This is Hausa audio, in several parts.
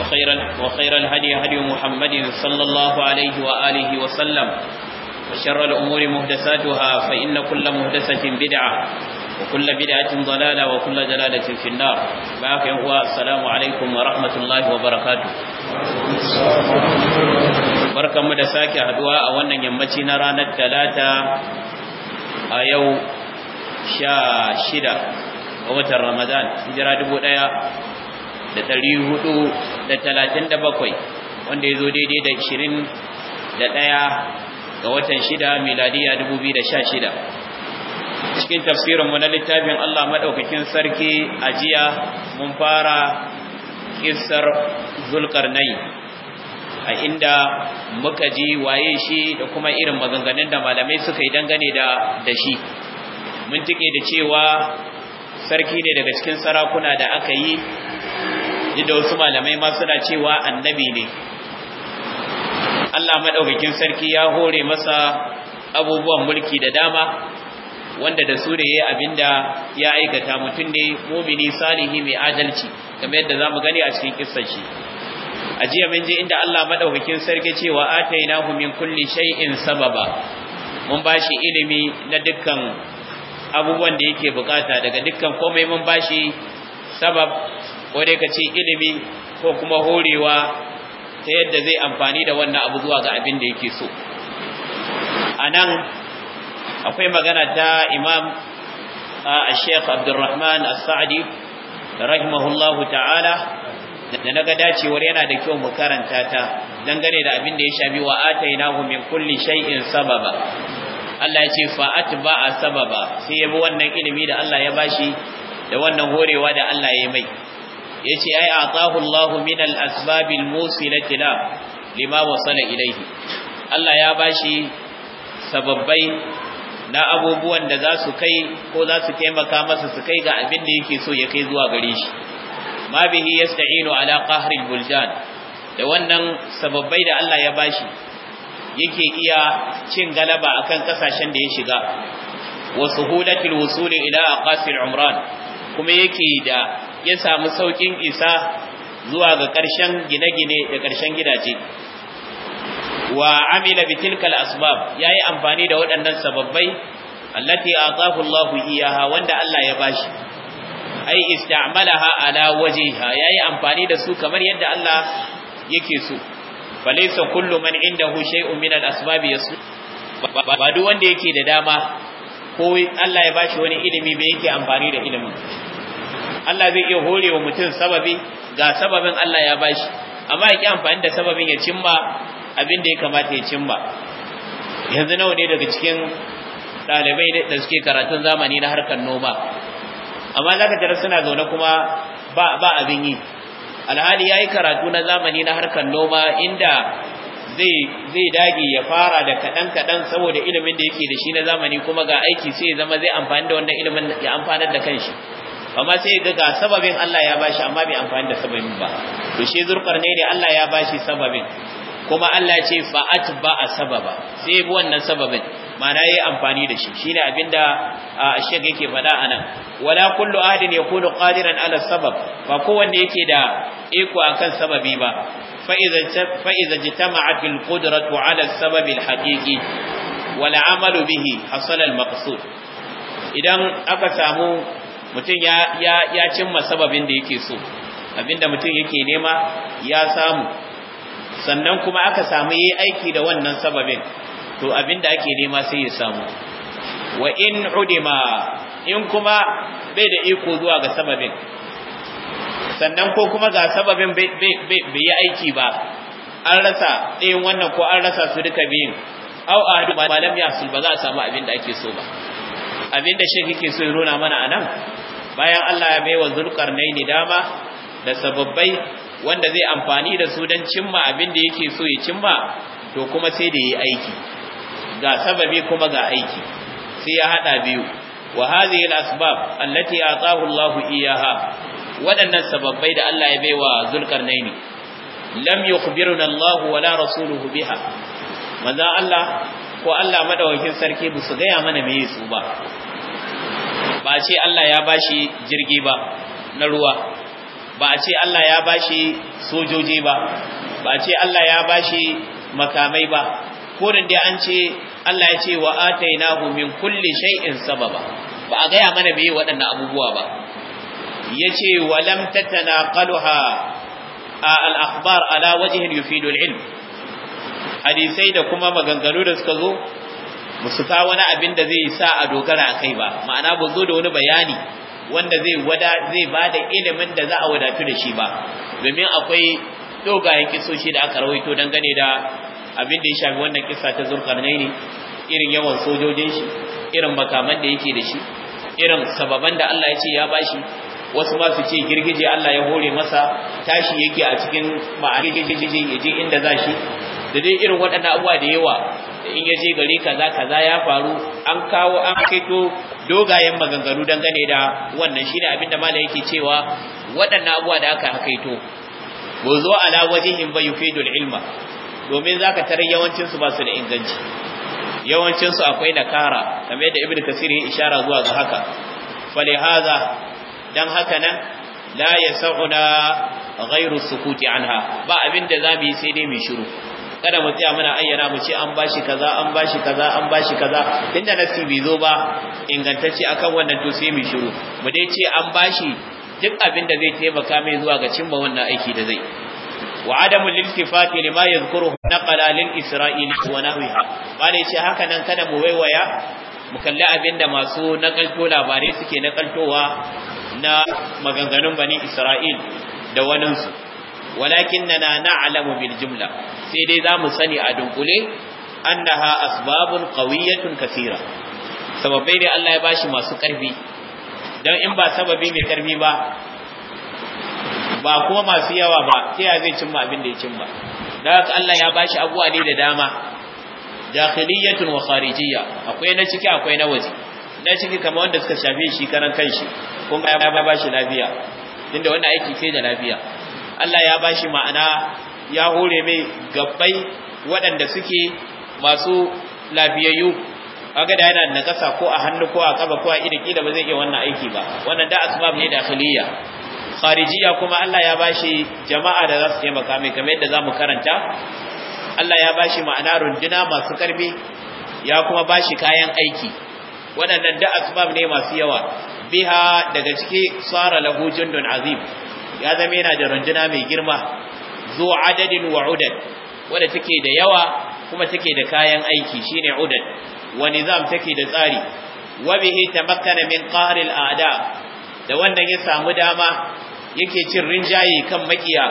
وخير وخير الهدي هدي محمد صلى الله عليه وآله وسلم وشر الأمور محدثاتها فإن كل محدثة بدعة وكل بدعة ضلالة وكل دلالة في النار باقي هو السلام عليكم ورحمة الله وبركاته بركة مدساك هدواء وانا يمتين رانا الثلاثة أيو شا شدة ووتر رمضان هجرة دبو da ɗari hudu da talatin da bakwai wanda ya zo daidai da shirin da ɗaya ga watan shida miladiya dubu biyu da sha shida cikin tafsirinmu na littafin Allah maɗaukakin sarki a jiya mun fara ƙisar nai, a inda muka ji waye shi da kuma irin maganganun da malamai suka yi dangane da shi mun tike da cewa sarki ne daga cikin sarakuna da aka yi duk da wasu malamai ma suna cewa annabi ne Allah madaukakin sarki ya hore masa abubuwan mulki da dama wanda da su da yayi abinda ya aikata mutum ne mu'mini salihi mai adalci kamar yadda zamu gani a cikin kissar shi a jiya mun je inda Allah madaukakin sarki cewa atainahu min kulli shay'in sababa mun bashi ilimi na dukkan abubuwan da yake bukata daga dukkan komai mun bashi sabab ko dai ka ce ilimi ko kuma horewa ta yadda zai amfani da wannan abu zuwa ga abin da yake so a nan akwai magana ta imam a sheikh abdurrahman as-sa'di rahimahullahu ta'ala da na ga dacewar yana da kyau mu karanta ta dangane da abin da ya shafi wa atainahu min kulli shay'in sababa Allah ya ce fa a sababa sai ya bi wannan ilimi da Allah ya bashi da wannan horewa da Allah ya yi mai yace ai atahu Allah min al-asbab al-musilati la lima wasala ilayhi Allah ya bashi sababbai na abubuwan da za su kai ko za su taimaka masa su kai ga abin da yake so ya kai zuwa gare shi ma bihi yasta'inu ala qahri al da wannan sababbai da Allah ya bashi yake iya cin galaba akan kasashen da ya shiga wa suhulatil wusuli ila aqasil umran kuma yake da ya samu saukin isa zuwa ga ƙarshen gine-gine da ƙarshen gidaje wa amila bi tilkal asbab yayi amfani da waɗannan sababbai allati atahu Allahu iyaha wanda Allah ya bashi ai istamalaha ala wajhiha yayi amfani da su kamar yadda Allah yake so balaysa kullu man indahu shay'un min al-asbab yasu ba duk wanda yake da dama ko Allah ya bashi wani ilimi bai yake amfani da ilimin Allah zai iya hore wa mutum sababi ga sababin Allah ya bashi amma ya ki amfani da sababin ya cimma abin da ya kamata ya cimma yanzu nawa ne daga cikin ɗalibai da suke karatun zamani na harkar noma amma za ka tara suna zaune kuma ba abin yi alhali ya yi karatu na zamani na harkar noma inda zai dage ya fara da kaɗan-kaɗan saboda ilimin da yake da shi na zamani kuma ga aiki sai ya zama zai amfani da wannan ilimin ya amfanar da kanshi amma sai ga ga sababin Allah ya bashi amma bai amfani da sababin ba to shi ne da Allah ya bashi sababin kuma Allah ce fa'at ba a sababa sai bi wannan sababin mana yayi amfani da shi shine abinda shek yake faɗa anan wala kullu ahadin yakunu qadiran ala sabab ba kowanne yake da iko akan sababi ba fa idza fa idza jitama'at al qudratu ala sabab al haqiqi wal amalu bihi hasala al maqsud idan aka samu mutum ya cimma sababin da yake so abinda mutum yake nema ya samu sannan kuma aka samu yi aiki da wannan sababin to abinda ake nema sai ya samu wa in udima in kuma bai da iko zuwa ga sababin sannan ko kuma ga sababin bai yi aiki ba an rasa ɗayin wannan ko an rasa su duka biyun au a hadu ba lam yasul ba za a samu abin da ake so ba abin da shi kike so ya nuna mana anan bayan Allah ya baiwa zulkarnaini dama da sababbai wanda zai amfani da su don cimma abin da yake so ya cimma to kuma sai da yi aiki ga sababi kuma ga aiki sai ya hada biyu wa hadhihi al-asbab allati ataahu Allahu iyyaha waɗannan sababbai da Allah ya baiwa zulkarnaini lam yukhbiruna Allah wala rasuluhu biha manzo Allah ko Allah madaukakin sarki ba su gaya mana meye su ba ba a ce Allah ya ba shi jirgi ba na ruwa ba a ce Allah ya ba shi sojoji ba ba a ce Allah ya ba shi makamai ba ko da dai an ce Allah ya ce wa atainahu min kulli shay'in sababa ba Ba a gaya mana bai waɗanda abubuwa ba yace wa lam tatanaqaluha al-akhbar ala wajhin yufidu al-ilm hadisai da kuma maganganu da suka zo musu ka wani abin da zai sa a dogara a kai ba ma'ana ba zo da wani bayani wanda zai wada zai bada ilimin da za a wadatu da shi ba domin akwai dogayen kisoshi da aka rawaito dangane da abin da ya shafi wannan kisa ta ne, irin yawan sojojin shi irin makaman da yake da shi irin sababan da Allah ya ce ya bashi wasu ma su ce girgije Allah ya hore masa tashi yake a cikin ma'ana girgije yaje inda za shi da dai irin waɗannan abubuwa da yawa da in yaje gari kaza kaza ya faru an kawo an kaito dogayen maganganu dangane da wannan shine abin da malai yake cewa waɗannan abubuwa da aka kaito zo ala wajihin ba yufidul ilma domin zaka tarar yawancin su ba su da inganci yawancin su akwai nakara kamar yadda ibnu kasir ya ishara zuwa ga haka falihaza dan haka nan la yas'una ghairu sukuti anha ba abinda mu yi sai dai mu shiru kada mu tsaya muna ayyana mu ce an bashi kaza an bashi kaza an bashi kaza tunda nasi bai zo ba ingantacce akan wannan to sai mu shiru mu dai ce an bashi duk abin da zai taimaka mai zuwa ga cimma wannan aiki da zai wa adamu ne lima yadhkuruhu naqala lil isra'ili wa nahwiha bale ce haka nan kada mu waiwaya mu kalli abin da masu nakalto labarai suke nakaltowa na maganganun bani isra'il da waninsu Walakin na na'lamu bil jimla, sai dai zamu sani a dunkule annaha asbabun qawiyatun kaseera sababai ne Allah ya bashi masu karfi dan in ba sababi mai karfi ba ba kuma masu yawa ba sai ya zai cimma abin da ya cimma dan haka Allah ya bashi abuwa ne da dama dakhiliyatun wa kharijiyya akwai na ciki akwai na waje na ciki kamar wanda suka shafi shi karan kanshi kuma ya ba shi lafiya tunda wannan aiki sai da lafiya Allah ya bashi ma'ana ya hore mai gabbai waɗanda suke masu lafiyayyu kaga da yana da nakasa ko a hannu ko a ƙaba ko a ido kila ba zai iya wannan aiki ba wannan da asbab ne dakhiliya kharijiya kuma Allah ya bashi jama'a da za su taimaka mai kamar yadda zamu karanta Allah ya bashi ma'ana runduna masu karbi ya kuma bashi kayan aiki waɗannan da asbab ne masu yawa biha daga ciki sara lahu jundun azim ya zama yana da runduna mai girma zo adadin wa udad wanda take da yawa kuma take da kayan aiki shine udad wa nizam take da tsari wa bihi tamakkana min qahr al a'da da wannan ya samu dama yake cin rinjaye kan makiya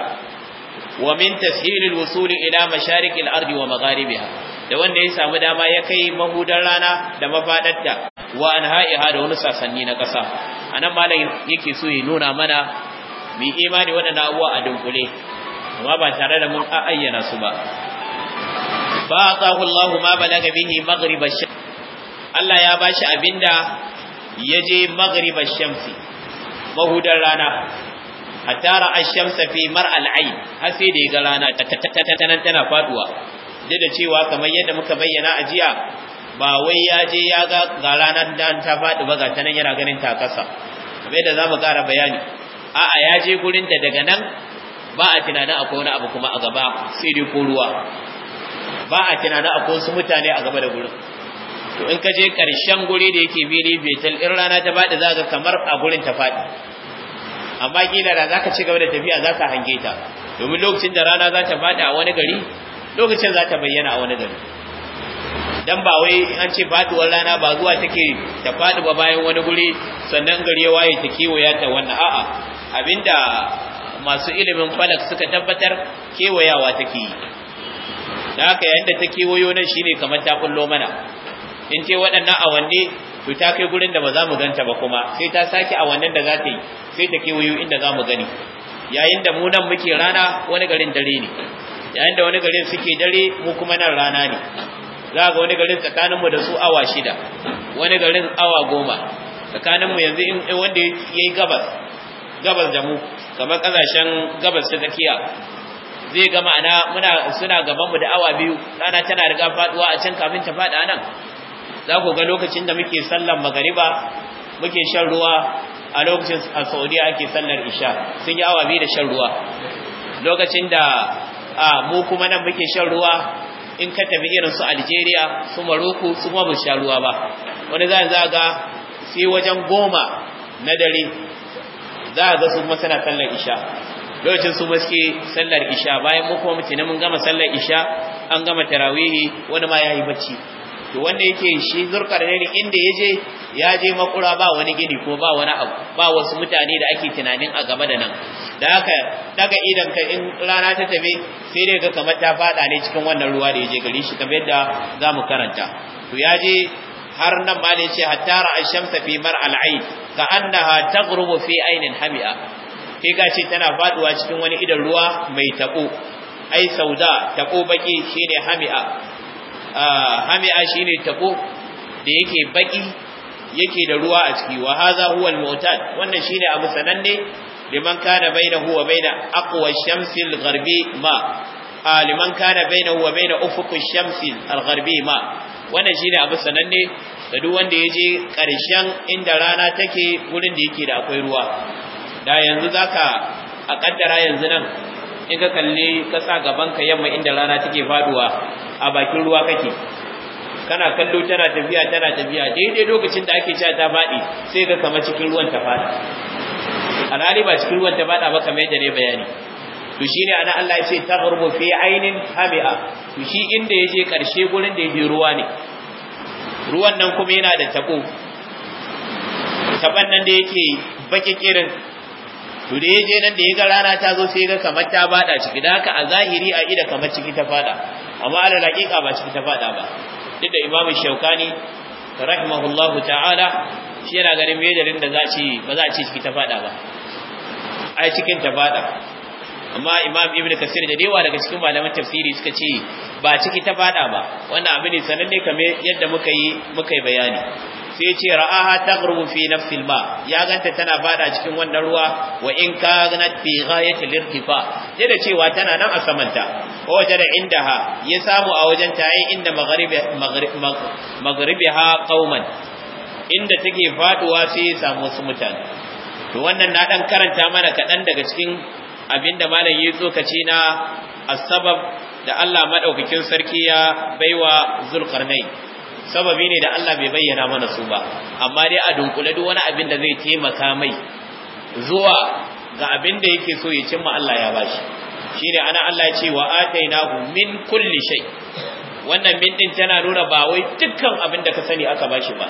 wa min tashil al wusul ila masharik al ardi wa magharibiha da wanda ya samu dama ya kai mahudan rana da mafadatta wa anha'iha da wani sasanni na ƙasa anan malam yake so ya nuna mana mu imani waɗannan abuwa a dunkule amma ba tare da mun ayyana su ba a atahu Allahu ma balaga bihi maghrib ash Allah ya bashi abinda yaje maghrib ash-shamsi mahudar rana hatta tara ash-shamsa fi mar ayn har sai da ga rana nan tana faduwa duk da cewa kamar yadda muka bayyana a jiya ba wai ya je ya ga ranar dan ta faɗi ba ga ta nan yana ganin takasa kamar yadda za mu ƙara bayani a'a ya je gurin da daga nan ba a tunanin akwai wani abu kuma a gaba sai dai ko ruwa ba a tunanin akwai wasu mutane a gaba da gurin to in ka je karshen guri da yake biri betel in rana ta bada za ka kamar a gurin ta faɗi amma kila da za ka ci gaba da tafiya za ka hange ta domin lokacin da rana za ta faɗi a wani gari lokacin za ta bayyana a wani gari dan ba wai an ce faduwar rana ba zuwa take ta faɗi ba bayan wani guri sannan gari ya waye ta kewaya ta wannan a'a abinda masu ilimin falak suka tabbatar kewayawa take yi da haka da ta kewayo nan shine kamar ta kullo mana in ce waɗannan awanni to ta kai gurin da ba za mu ganta ba kuma sai ta sake awannin da za ta yi sai ta kewayo inda za mu gani yayin da mu nan muke rana wani garin dare ne yayin da wani garin suke dare mu kuma nan rana ne za ga wani garin tsakaninmu da su awa shida wani garin awa goma tsakaninmu yanzu in wanda ya gabas gabas da mu kamar kasashen gabas ta tsakiya zai ga ma'ana muna suna gaban mu da awa biyu rana tana riga faduwa a can kafin ta fada nan za ku ga lokacin da muke sallar magariba muke shan ruwa a lokacin a Saudiya ake sallar isha sun yi awa biyu da shan ruwa lokacin da a mu kuma nan muke shan ruwa in ka tafi irin su Algeria su Morocco su kuma ba sha ruwa ba wani za ga sai wajen goma na dare za a ga su kuma suna sallar isha lokacin su suke sallar isha bayan mu kuma mutane mun gama sallar isha an gama tarawihi wani ma ya yi bacci to wanda yake shi ne inda ya je ya je makura ba wani gini ko ba wani abu ba wasu mutane da ake tunanin a gaba da nan da haka daga idan ka in rana ta tafi sai dai ga kamar ta fada ne cikin wannan ruwa da ya je gari shi kamar yadda za mu karanta to ya je har nan ma ne ce hatta ra'a shamsa fi mar'al ayn ka annaha taghrubu fi aynin hami'a kai ga ce tana faduwa cikin wani idan ruwa mai tako ai sauda tako baki shine hami'a ah, hami'a shine tako da yake baki yake da ruwa a ciki wa hadha huwa al-mu'tad wannan shine abu sananne liman kana bainahu wa bain aqwa ash-shamsi al-gharbi ma ah, liman kana bainahu wa bain ufuq ash-shamsi al-gharbi ma wannan shine abu sananne da duk wanda ya je ƙarshen inda rana take wurin da yake da akwai ruwa da yanzu zaka a kaddara yanzu nan in ka kalli ka sa gaban ka yamma inda rana take faduwa a bakin ruwa kake kana kallo tana tafiya tana tafiya daidai lokacin da ake cewa ta faɗi sai ka kama cikin ruwan ta faɗa alhali ba cikin ruwan ta faɗa ba kamar yadda ne bayani to shine ana Allah ya ce harbo fi ainin hami'a to shi inda yaje karshe gurin da je ruwa ne ruwan nan kuma yana da tabo taban nan da yake baki kirin to da yaje nan da ga rana ta zo sai ga kamar ta bada ciki da haka a zahiri a ida kamar ciki ta fada amma ala laƙiƙa ba ciki ta fada ba duk da imamu shaukani rahimahullahu ta'ala shi yana ganin me da za a ce ba za a ce ciki ta fada ba ai cikin ta fada amma imam ibnu kasir da dewa daga cikin malaman tafsiri suka ce ba ciki ta fada ba wannan abu ne sananne kamar yadda muka yi muka yi bayani sai ce ra'aha taghrubu fi nafsi al ya ganta tana fada cikin wannan ruwa wa in kanat fi ghayati al sai da cewa tana nan a samanta wa wajada indaha ya samu a wajen ta yi inda maghribi ha qauman inda take faduwa sai ya samu wasu mutane to wannan na dan karanta mana kadan daga cikin abinda malam yi tsokaci na asbab da Allah madaukakin sarki ya baiwa zulqarnai sababi ne da Allah bai bayyana mana su ba amma dai a dunkule duk wani abin da zai taimaka mai zuwa ga abin da yake so ya cimma Allah ya bashi shine ana Allah ya ce wa atainahu min kulli shay wannan min din tana nuna ba wai dukkan abin da ka sani aka bashi ba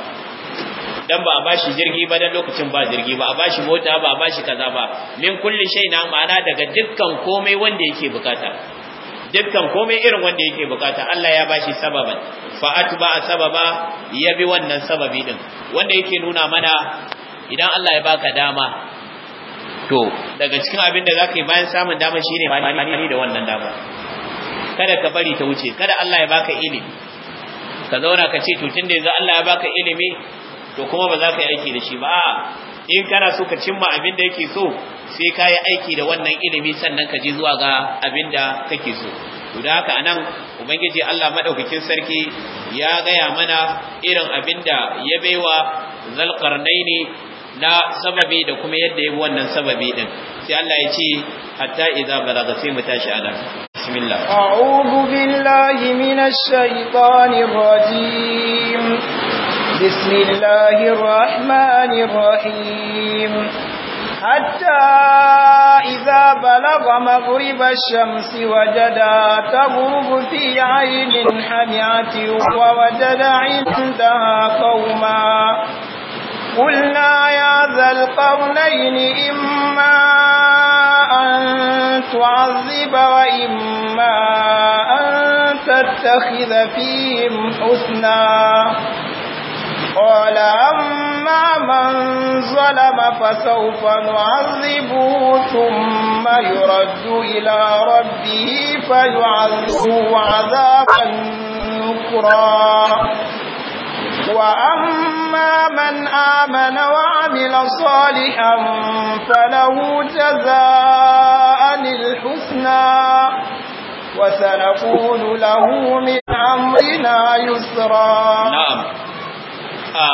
dan ba a bashi jirgi ba dan lokacin ba jirgi ba a bashi mota ba a bashi kaza ba min kullu shay na ma'ana daga dukkan komai wanda yake bukata dukkan komai irin wanda yake bukata Allah ya bashi sababan fa atba sababa ya bi wannan sababi din wanda yake nuna mana idan Allah ya baka dama to daga cikin abin da zaka yi bayan samun dama shine amfani da wannan dama kada ka bari ta wuce kada Allah ya baka ilimi ka zauna ka ce to tunda yanzu Allah ya baka ilimi to kuma ba za ka yi aiki da shi ba in kana so ka cimma abin da yake so sai ka yi aiki da wannan ilimi sannan ka je zuwa ga abin da kake so to da haka anan ubangiji Allah madaukakin sarki ya gaya mana irin abin da ya baiwa zalqarnaini na sababi da kuma yadda ya bi wannan sababi din sai Allah ya ce hatta idza balaga sai mu tashi ala bismillah a'udhu billahi minash shaitanir rajim بسم الله الرحمن الرحيم حتى إذا بلغ مغرب الشمس وجدها تغرب في عين حمئة ووجد عندها قوما قلنا يا ذا القرنين إما أن تعذب وإما أن تتخذ فيهم حسنا قال أما من ظلم فسوف نعذبه ثم يرد إلى ربه فيعذبه عذابا نكرا وأما من آمن وعمل صالحا فله جزاء الحسنى وسنقول له من أمرنا يسرا نعم a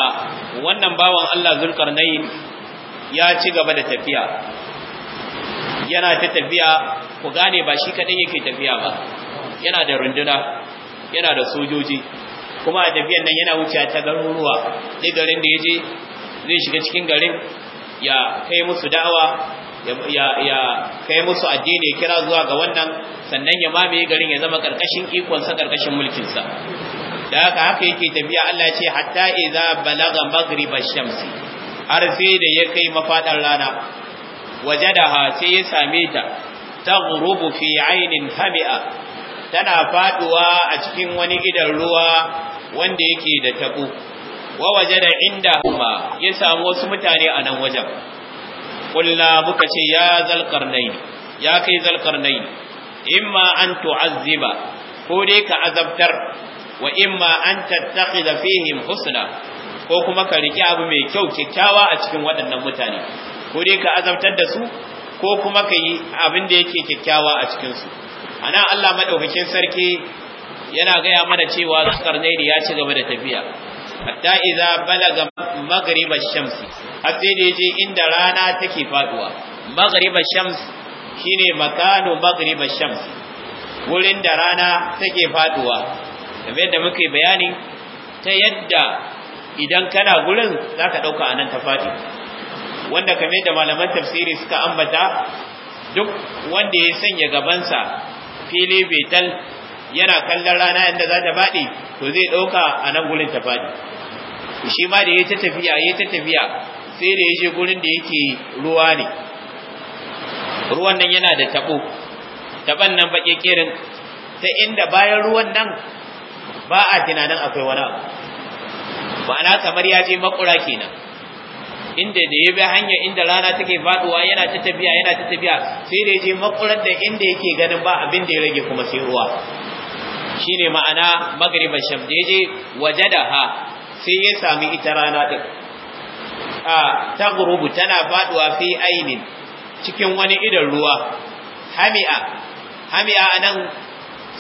wannan bawan Allah zulkarnain ya ci gaba da tafiya yana ta tafiya ku gane ba shi kaɗai yake tafiya ba yana da runduna yana da sojoji kuma a tafiyan nan yana wuce ta garuruwa duk garin da ya je zai shiga cikin garin ya kai musu da'awa ya kai musu addini ya kira zuwa ga wannan sannan ya mamaye garin ya zama karkashin ikonsa karkashin mulkinsa da haka haka yake tafiya Allah ce hatta idza balaga ash shamsi har sai da ya kai mafadar rana wajadaha sai ya same ta taghrubu fi ainin habi'a tana faduwa a cikin wani gidan ruwa wanda yake da tabo wa wajada kuma ya samu wasu mutane a nan wajen kullu muka ce ya zalqarnain ya kai zalqarnain imma an tu'azziba ko dai ka azabtar wa imma an tattakhidha fihim husna ko kuma ka riki abu mai kyau kyakkyawa a cikin waɗannan mutane ko dai ka azabtar da su ko kuma ka yi abin da yake kikkiawa a cikin su ana Allah madaukakin sarki yana gaya mana cewa Zulkarnaini ya ci gaba da tafiya hatta idza balaga maghrib shamsi, shams har sai da yaje inda rana take faduwa maghrib ash-shams shine makanu maghrib ash-shams wurin da rana take faduwa kamar yadda muka yi bayani ta yadda idan kana gurin za ka ɗauka a nan ta wanda kamar yadda malaman tafsiri suka ambata duk wanda ya sanya gabansa fili betal yana kallon rana inda za ta faɗi to zai ɗauka a nan gurin ta shi ma da ya ta tafiya ya ta tafiya sai da ya je gurin da yake ruwa ne ruwan nan yana da taɓo taɓan nan baƙi ƙirin ta inda bayan ruwan nan ba a tunanin akwai wani abu ma'ana kamar ya je makura kenan inda da ya bi hanya inda rana take faduwa yana ta tafiya yana ta tafiya sai da ya je makurar da inda yake ganin ba abin da ya rage kuma sai ruwa shine ma'ana magriban sham da ya je ha sai ya sami ita rana din a ta gurubu tana faduwa fi ainin cikin wani idan ruwa hami'a hami'a anan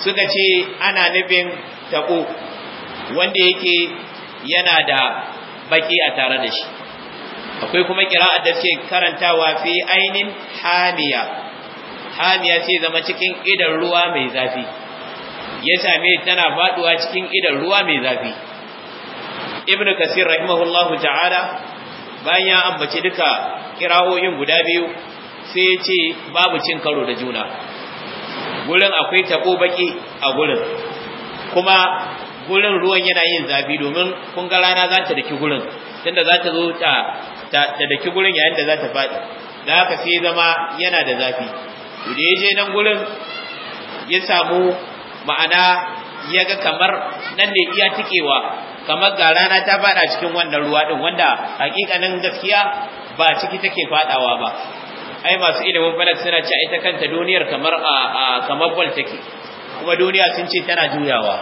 suka ce ana nufin tabo wanda yake yana da baki a tare da shi akwai kuma kira'ar da ce karantawa fi ainin hamiya hamiya ce zama cikin idan ruwa mai zafi ya same tana faduwa cikin idan ruwa mai zafi ibnu kasir rahimahullahu ta'ala bayan ya ambaci duka kira'o'in guda biyu sai ya ce babu cin karo da juna gurin akwai tabo baki a gurin kuma gurin ruwan yana yin zafi domin kun ga rana za ta daki gurin tunda za ta zo ta daki gurin yayin da za ta faɗi da haka sai zama yana da zafi to da ya je nan gurin ya samu ma'ana ya ga kamar nan ne iya tikewa kamar ga rana ta faɗa cikin wannan ruwa ɗin wanda hakikanin gaskiya ba ciki take faɗawa ba ai masu ilimin falak suna ce ita kanta duniyar kamar a kamar bol take kuma duniya sun ce tana juyawa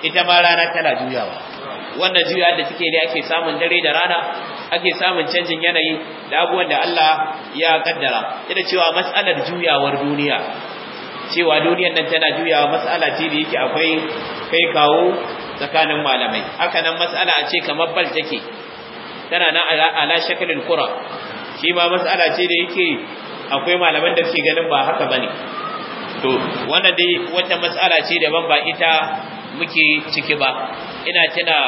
ita ma rana tana juyawa wannan juya da suke ne ake samun dare da rana ake samun canjin yanayi da abubuwan da Allah ya kaddara ita cewa matsalar juyawar duniya cewa duniyar nan tana juyawa matsala ce da yake akwai kai kawo tsakanin malamai haka nan matsala a ce kamar bal take tana nan ala shakalin kura shi ma matsala ce da yake akwai malaman da suke ganin ba haka bane to wannan dai wata matsala ce daban ba ita muke ciki ba ina tuna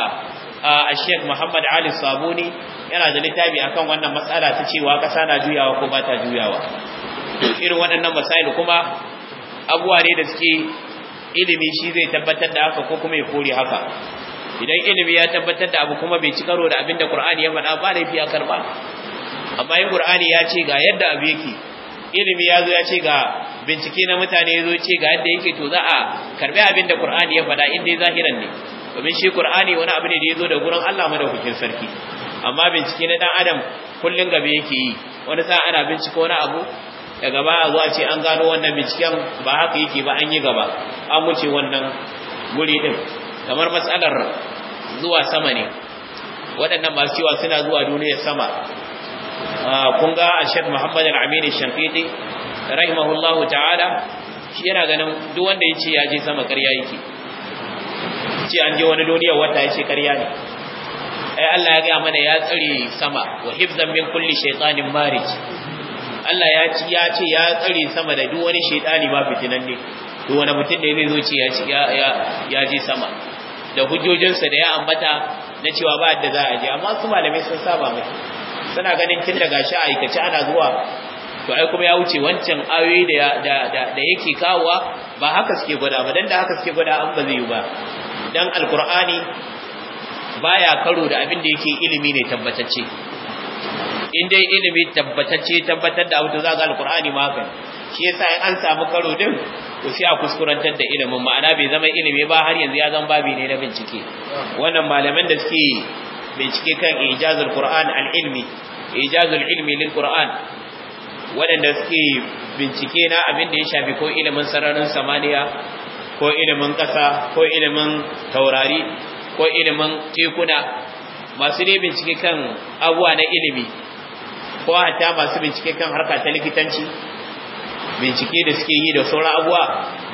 a Sheikh Muhammad Ali Sabuni yana da littafi akan wannan matsala ta cewa kasa na juyawa ko ba ta juyawa to irin waɗannan masail kuma abuwa ne da suke ilimi shi zai tabbatar da haka ko kuma ya kore haka idan ilimi ya tabbatar da abu kuma bai ci karo da abin da Qur'ani ya faɗa ba laifi a karba amma in Qur'ani ya ce ga yadda abu yake ilimi ya zo ya ce ga bincike na mutane ya zo ce ga yadda yake to za a karbi abin da Qur'ani ya faɗa in zahiran ne domin shi Qur'ani wani abu ne da ya zo da gurin Allah madaukakin sarki amma bincike na dan adam kullun gabe yake yi wani sa ana bincike wani abu da gaba a zuwa ce an gano wannan binciken ba haka yake ba an yi gaba an wuce wannan guri din kamar matsalar zuwa sama ne waɗannan masu cewa suna zuwa duniyar sama ah, kun ga ashad muhammad al-amin shafiqi rahimahullahu ta'ala shi yana ganin duk wanda ya ce ya je sama ƙarya yake ce an je wani duniya wata ya ce ƙarya ne ai Allah ya ga mana ya tsare sama wa hifzan min kulli shaytanin marij Allah ya ci ya ce ya tsare sama da duk wani shaytani ba fitinan ne duk wani mutum da ya zo ce ya ci ya ya je sama da hujjojinsa da ya ambata na cewa ba yadda za a je amma su malamai sun saba mai suna ganin tun daga shi aikace ana zuwa to ai kuma ya wuce wancan ayoyi da da yake kawowa ba haka suke gwada ba dan da haka suke gwada an ba zai yi ba dan alqur'ani baya karo da abin da yake ilimi ne tabbatacce in dai ilimi tabbatacce tabbatar da abu to za ga alqur'ani ma haka shi yasa in an samu karo din to sai a kuskurantar da ilimin ma'ana bai zama ilimi ba har yanzu ya zama babi ne na bincike wannan malaman da suke bincike kan ijazul qur'an al-ilmi ijazul ilmi lil qur'an waɗanda suke bincike na abin da ya shafi ko ilimin sararin samaniya ko ilimin ƙasa ko ilimin taurari ko ilimin tekuna masu ne bincike kan abuwa na ilimi ko hata masu bincike kan harka ta likitanci bincike da suke yi da sauran abuwa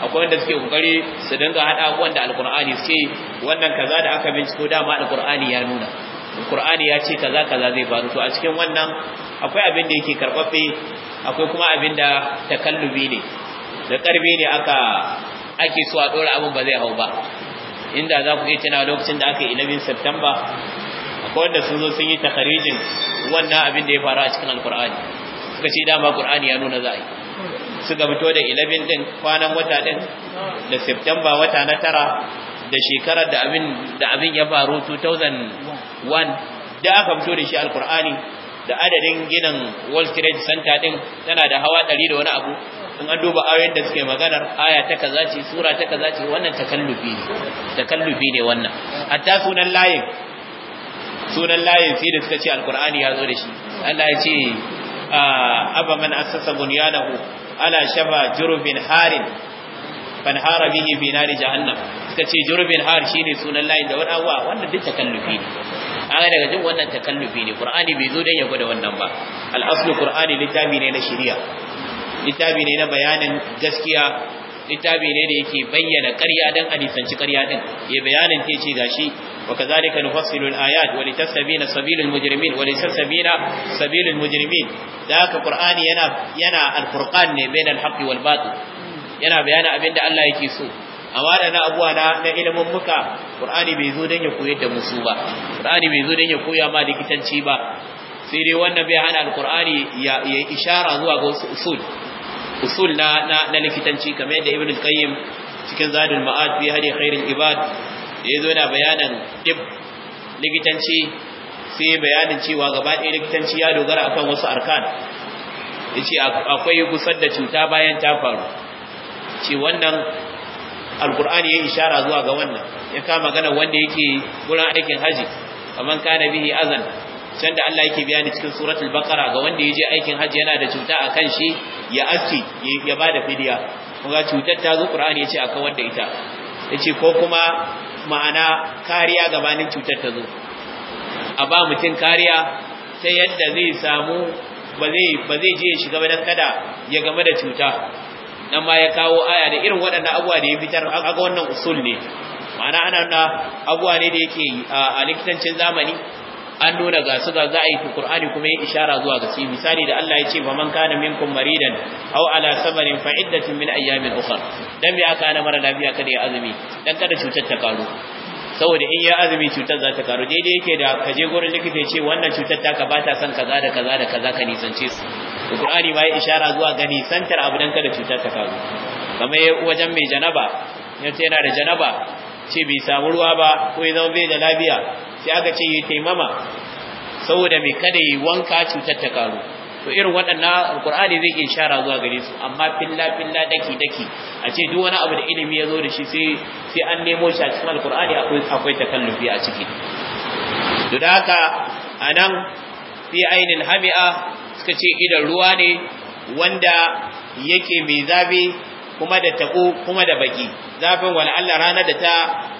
akwai wanda suke kokari su dinga haɗa abuwan da alkur'ani suke wannan kaza da aka binciko dama alkur'ani ya nuna alkur'ani ya ce kaza kaza zai faru to a cikin wannan akwai abin da yake karbabbe akwai kuma abin da takallubi ne da karbi ne aka ake so a dora abin ba zai hau ba inda za ku iya tana lokacin da aka yi 11 September akwai wanda sun zo sun yi takarijin wannan abin da ya faru a cikin alkur'ani suka ce dama kur'ani ya nuna za a yi suka fito da 11 din kwanan wata din da September wata na tara da shekarar da abin ya faru 2001 da aka fito da shi alkur'ani da adadin ginin World Trade Center din tana da hawa ɗari da wani abu in an duba ayoyin da suke maganar aya ta kaza ce sura ta kaza ce wannan takallufi ne takallufi ne wannan hatta sunan layin sunan layin sai da suka ce alqur'ani ya zo da shi Allah ya ce aba man assasa bunyanahu ala shafa jurubin harin fanhara bihi fi nari jahannam suka ce jurubin har shine sunan layin da wani abuwa wannan duk takallufi ne kaga daga jin wannan takallufi ne qur'ani bai zo dan ya gwada wannan ba al-aslu qur'ani littafi ne na shari'a littafi ne na bayanin gaskiya littafi ne da yake bayyana ƙarya dan a nisanci ƙarya din ya bayanin ta ce gashi wa kazalika nufassilu al-ayat wa litasbina sabilul mujrimin wa litasbina sabilul mujrimin da haka qur'ani yana yana al-furqan ne bainal haqqi wal batil yana bayanin abinda Allah yake so amma da na abuwa na na ilimin muka qur'ani bai zo dan ya koyar da musu ba qur'ani bai zo dan ya koya ma likitanci ba sai dai wannan bai hana alqur'ani ya yi ishara zuwa ga wasu usul usul na na, likitanci kamar yadda ibnu qayyim cikin zadul ma'ad fi hadi khairul ibad da yazo yana bayanan dib likitanci sai bayanin cewa gaba ɗaya likitanci ya dogara akan wasu arkan yace akwai gusar da cuta bayan ta faru ce wannan alqur'ani ya ishara zuwa ga wannan ya kama magana wanda yake gurin aikin haji kaman kana bihi azan can da Allah yake bayani cikin suratul baqara ga wanda yaje aikin haji yana da cuta a kan shi ya aski ya da fidiya kuma cutar ta zo qur'ani yace akan wanda ita yace ko kuma ma'ana kariya gabanin cutar ta zo a ba mutum kariya sai yadda zai samu ba zai je shiga ba kada ya game da cuta Na ma ya kawo aya da irin waɗannan abuwa da ya fitar aga wannan usul ne ma'ana ana da abuwa ne da yake a likitancin zamani an nuna ga su ga za a yi Qur'ani kuma ya ishara zuwa ga su misali da Allah ya ce fa man kana minkum maridan aw ala sabarin fa iddatun min ayyamin ukhra dan bi aka ana mara lafiya kada ya azumi dan kada cutar ta karu saboda in ya azumi cutar za ta karu daidai yake da kaje gurin likita ya ce wannan cutar ta ka ba ta san kaza da kaza da kaza ka nisance su alqur'ani ma ya ishara zuwa gani santar abu dan kada cutar ta kawo kamar wajen mai janaba yace yana da janaba ce bai samu ruwa ba ko ya zama bai da lafiya sai aka ce yi taimama saboda mai kada yi wanka cutar ta kawo to irin waɗannan alkur'ani zai ishara zuwa gare su amma filla filla daki daki a ce duk wani abu da ilimi ya zo da shi sai sai an nemo shi a cikin alkur'ani akwai akwai takallufi a ciki to da haka anan fi ainin hami'a suka ce idan ruwa ne wanda yake mai zafi kuma da tabo kuma da baki zafin wal Allah ranar da ta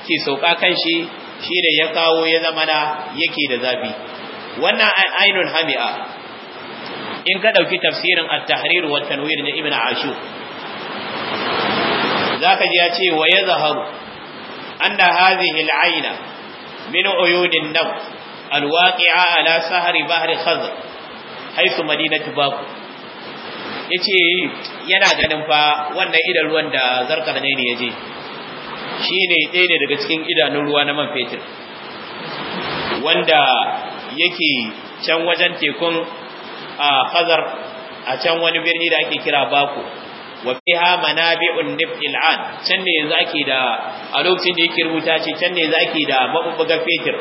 ke sauka kan shi shi da ya kawo ya zama na yake da zafi wannan ainun hami'a in ka ɗauki tafsirin at-tahrir wa na ibn Za zaka ji ya ce wa Ana anna hadhihi al-aina min uyudin naw al-waqi'a ala sahri bahri khazr haisu madinatu baku Ya ce eh, yana ganin fa wannan idan ruwan da zarkar ne ya je Shi ne ɗaya ne daga cikin idanun ruwa na man fetur wanda yake can wajen tekun a hazar a can wani birni da ake kira Baku wa fiha manabi'un nifil an can yanzu ake da a lokacin da yake rubuta ce canne ne yanzu ake da mabubbugar fetur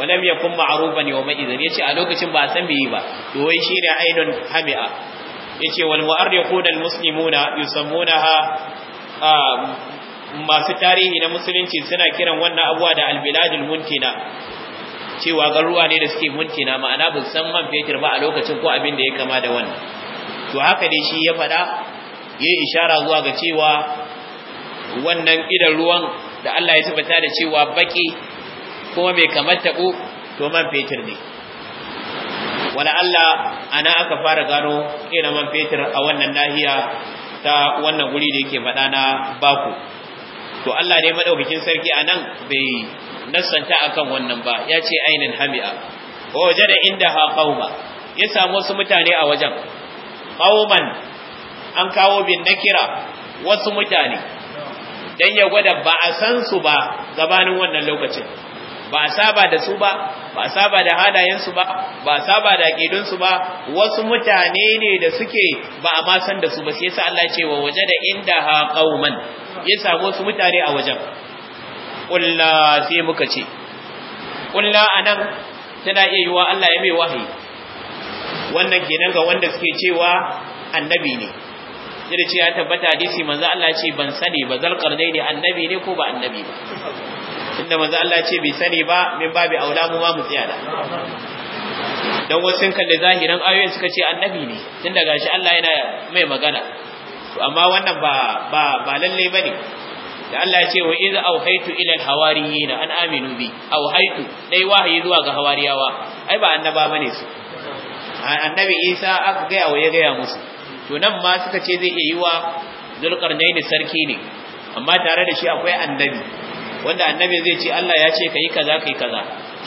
wa lam yakun ma'rufan yawma idhin yace a lokacin ba san biyi ba to wai shine ainun hami'a yace wal mu'arrikhun al muslimuna yusammunaha um, masu tarihi na musulunci suna kiran wannan abuwa da albiladul muntina cewa garuruwa ne da suke muntina ma'ana ban san man fetir ba a lokacin ko abin da ya kama da wannan to haka dai shi ya faɗa yayi ishara zuwa ga cewa wannan idan ruwan da Allah ya tabbata da cewa baki kuma mai kamar taɓo, to man fetur ne Wani Allah ana aka fara gano kira man fetur a wannan nahiya ta wannan guri da yake faɗa na baku to Allah ne madaukakin sarki anan bai nassanta akan wannan ba ya ce ainin hami'a wa wajada ha qauma ya samu wasu mutane a wajen qauman an kawo bin nakira wasu mutane dan ya gwada ba a san su ba gabanin wannan lokacin ba a saba da su ba ba a saba da halayensu ba ba a saba da aƙidunsu ba wasu mutane ne da suke ba a ma san da su ba sai yasa Allah ce wa waje da inda ha qauman ya samu wasu mutane a wajen kulla sai muka ce kulla anan tana iya yiwa Allah ya mai wahayi wannan kenan ga wanda suke cewa annabi ne yadda ce ya tabbata hadisi manzo Allah ce ban sani ba zalqarnai ne annabi ne ko ba annabi ba inda manzo Allah ce bai sani ba min babi aula mu ma mu tsaya dan wasu sun zahiran zahirin ayoyin suka ce annabi ne tun daga shi Allah yana mai magana to amma wannan ba ba ba lalle bane da Allah ya ce wa iza auhaytu ila al-hawariyina an aminu bi auhaytu dai wahayi zuwa ga hawariyawa ai ba annaba bane su annabi Isa aka ga ya ga musu to nan ma suka ce zai iya yi wa zulkarnain sarki ne amma tare da shi akwai annabi wanda annabi zai ce Allah ya ce yi kaza yi kaza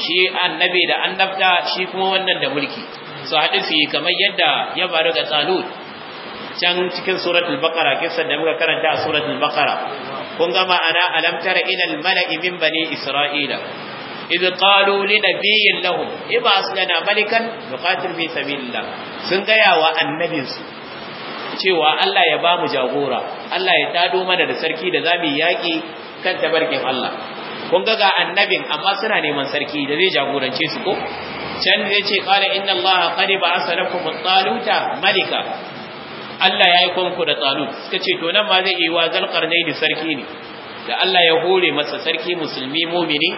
shi annabi da annabta shi kuma wannan da mulki su haɗu su yi kamar yadda ya faru ga tsalut can cikin suratul baqara kisan da muka karanta a suratul baqara kun ga ma'ana alam tara ila al mala'i min bani isra'ila idh qalu li nabiyyin lahum ibas lana malikan nuqatil fi sabilillah sun ga wa annabinsu cewa Allah ya bamu jagora Allah ya taɗo mana da sarki da zamu yaki kan tabarkin Allah kun ga ga annabin amma suna neman sarki da zai jagorance su ko can zai ce qala inna Allah qad ba'asa kuma taluta malika Allah ya yi kwanku da talut suka ce to nan ma zai yi wa ni sarki ne da Allah ya hore masa sarki musulmi mumini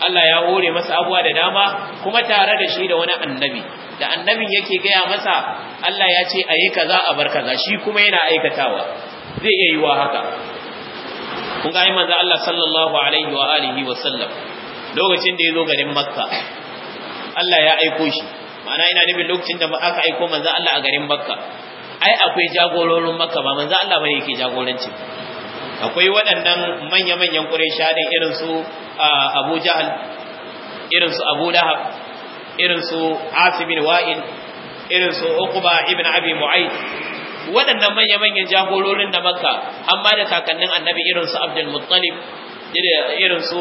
Allah ya hore masa abuwa da dama kuma tare da shi da wani annabi da annabin yake gaya masa Allah ya ce a yi kaza a bar kaza shi kuma yana aikatawa zai iya yiwa haka kun ga manzo Allah sallallahu alaihi wa alihi wa sallam lokacin da ya zo garin Makka Allah ya aiko shi ma'ana ina nufin lokacin da aka aiko manzo Allah a garin Makka ai akwai jagororin Makka ba manzo Allah bane yake jagoranci akwai waɗannan manya-manyan ƙuresha irin su abu jahal irin su abu lahab irin su asibin wa'il irin su uquba ibn abi mu'ayd waɗannan manya-manyan jagororin da makka amma da kakannin annabi irin su abdul muttalib irin su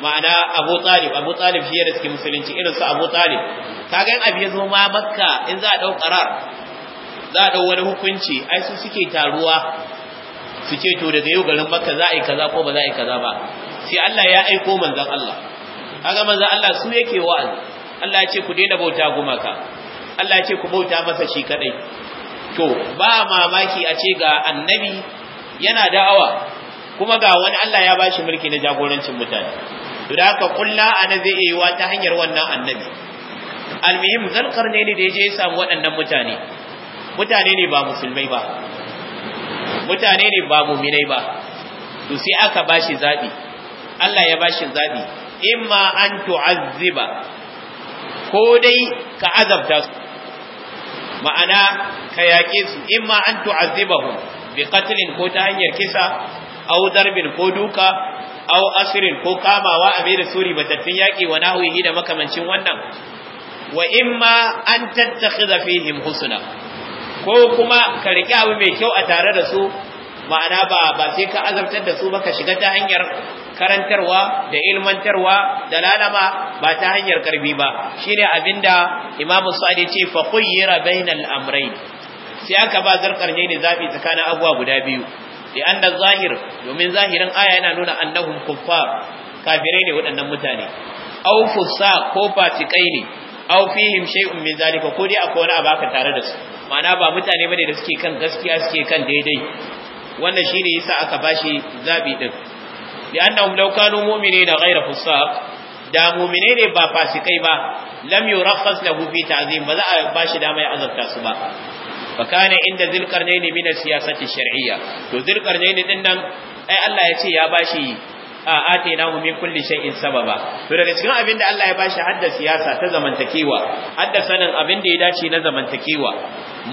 ma'ana abu talib abu talib shi da suke musulunci irin su abu talib kaga in abu ya zo ma makka in za a dau ƙarar, za a dau wani hukunci ai su suke taruwa su ce to daga yau garin makka za a yi kaza ko ba za a yi kaza ba sai Allah ya aiko manzan Allah kaga manzan Allah su yake wa'azi Allah ya ce ku daina bauta gumaka Allah ya ce ku bauta masa shi kadai to ba mamaki a ce ga annabi yana da'awa kuma ga wani Allah ya bashi mulki na jagorancin mutane to da haka kulla ana zai iya yiwa ta hanyar wannan annabi almihim zalkarne ne da ya je ya samu waɗannan mutane mutane ne ba musulmai ba mutane ne ba muminai ba to sai aka bashi zaɓi Allah ya bashi zabi imma an tu'azziba ko dai ka azabta su ma'ana ka yaƙe su imma an tu'azzibahum bi qatlin ko ta hanyar kisa aw darbin ko duka aw asirin ko kamawa a da suri batattun yaƙi wa nahwihi da makamancin wannan wa imma an tattakhidha fihim husna ko kuma ka riƙe abu mai kyau a tare da su ma'ana ba ba sai ka azabtar da su ba ka shiga ta hanyar karantarwa da ilmantarwa da lalama ba ta hanyar karbi ba shine abinda Imam Sa'id ce fa khayyira bainal amrayn sai aka ba zarkar ne zabi tsakanin abuwa guda biyu li anna zahir domin zahirin aya yana nuna annahum kuffar kafirai ne waɗannan mutane aw fusa ko fasikai ne aw fihim shay'un min zalika ko dai akwai wani abu aka tare da su Mana ba mutane bane da suke kan gaskiya suke kan daidai wannan shine yasa aka bashi zabi din li'annahum law kanu mu'minina ghayra fusaq da mu'mine ne ba fasikai ba lam yurakhas lahu fi ta'zim ba za a bashi dama ya azabta su ba fa kana inda zulqarnain min as-siyasati shar'iyya to zulqarnain din nan ai Allah ya ce ya bashi a atainahu min kulli shay'in sababa to daga cikin abin da Allah ya bashi hadda siyasa ta zamantakewa hadda sanin abin da ya dace na zamantakewa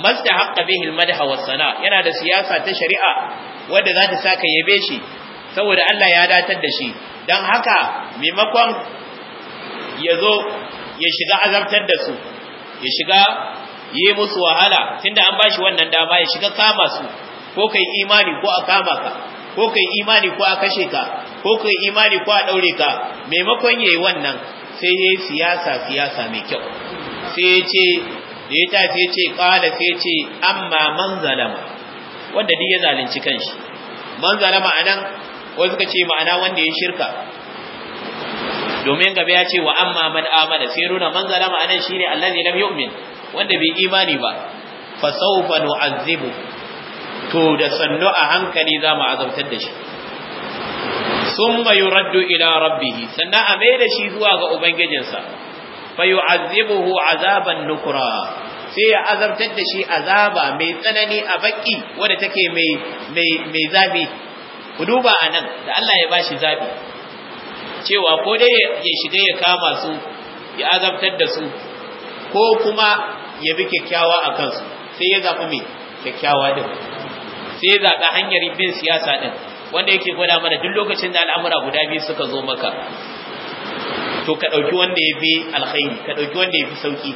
masda haqqa bihi al-madha was sana yana da siyasa ta shari'a wanda za ta saka yabe shi saboda Allah ya datar da shi don haka maimakon ya zo ya shiga azabtar da su ya shiga yi musu wahala tunda an bashi wannan dama ya shiga kama su ko kai imani ko a kama ka ko kai imani ko a kashe ka ko kai imani ko a daure ka maimakon yayi wannan sai ya yi siyasa siyasa mai kyau sai ya ce da ya tafi ya ce kala sai ya ce amma man zalama wanda duk ya zalunci kanshi man zalama anan wai suka ce ma'ana wanda ya shirka domin gaba ya ce wa amma man amana sai nuna man zalama anan ne allazi lam yu'min wanda bai imani ba fa sawfa nu'azzibu to da sannu a hankali za mu azabtar da shi summa yuraddu ila rabbih sannan a mai da shi zuwa ga ubangijinsa fa yu'azzibuhu azaban nukra sai ya azabtar da shi azaba mai tsanani a baki wadda take mai mai mai ku duba a nan da Allah ya bashi zaɓi cewa ko dai ya shiga ya kama su ya azabtar da su ko kuma ya bi kyakkyawa a kansu sai ya zaɓi mai kyakkyawa din sai ya zaɓi hanyar bin siyasa din wanda yake gwada mana duk lokacin da al'amura guda biyu suka zo maka to ka ɗauki wanda ya bi alkhairi ka ɗauki wanda ya fi sauƙi